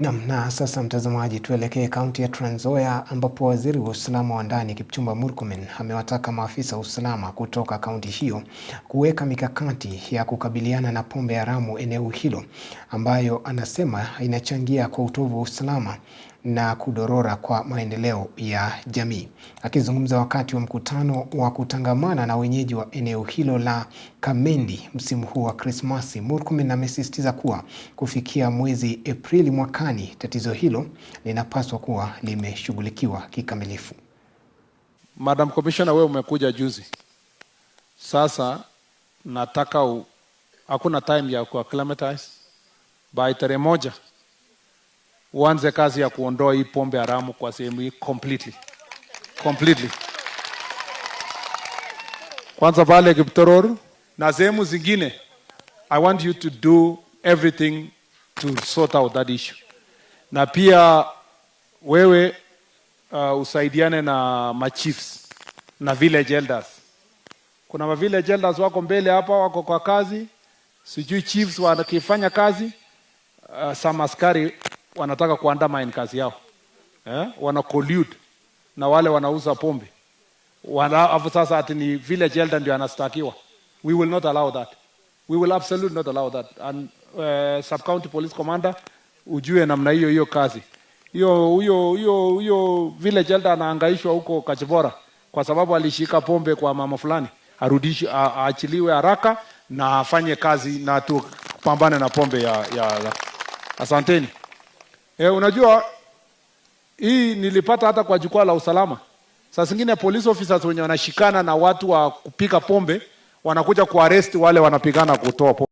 Nam na sasa, mtazamaji, tuelekee kaunti ya Trans Nzoia ambapo waziri wa usalama wa ndani Kipchumba Murkomen amewataka maafisa wa usalama kutoka kaunti hiyo kuweka mikakati ya kukabiliana na pombe haramu eneo hilo ambayo anasema inachangia kwa utovu wa usalama na kudorora kwa maendeleo ya jamii. Akizungumza wakati wa mkutano wa kutangamana na wenyeji wa eneo hilo la Kamendi msimu huu wa Krismasi, Murkomen amesisitiza kuwa kufikia mwezi Aprili mwakani, tatizo hilo linapaswa kuwa limeshughulikiwa kikamilifu. Madam Commissioner, wewe umekuja juzi. Sasa nataka u... hakuna time ya ku acclimatize by tarehe moja uanze kazi ya kuondoa hii pombe haramu kwa sehemu hii completely completely, kwanza pale Kiptoror na sehemu zingine. I want you to do everything to sort out that issue, na pia wewe uh, usaidiane na machiefs na village elders. Kuna ma village elders wako mbele hapa, wako kwa kazi, sijui chiefs wanakifanya kazi uh, some askari wanataka kuandamine kazi yao eh? Wana collude na wale wanauza pombe wana, afu sasa ati ni village elder ndio anastakiwa. We will not allow that, we will absolutely not allow that. And uh, eh, sub county police commander ujue namna hiyo hiyo kazi hiyo, huyo huyo huyo village elder anaangaishwa huko Kachibora kwa sababu alishika pombe kwa mama fulani, arudishi aachiliwe haraka na afanye kazi na tupambane na pombe ya, ya, ya. Asanteni. E, unajua hii nilipata hata kwa jukwaa la usalama. Saa zingine police officers wenye wanashikana na watu wa kupika pombe wanakuja kuarest wale wanapigana kutoa pombe.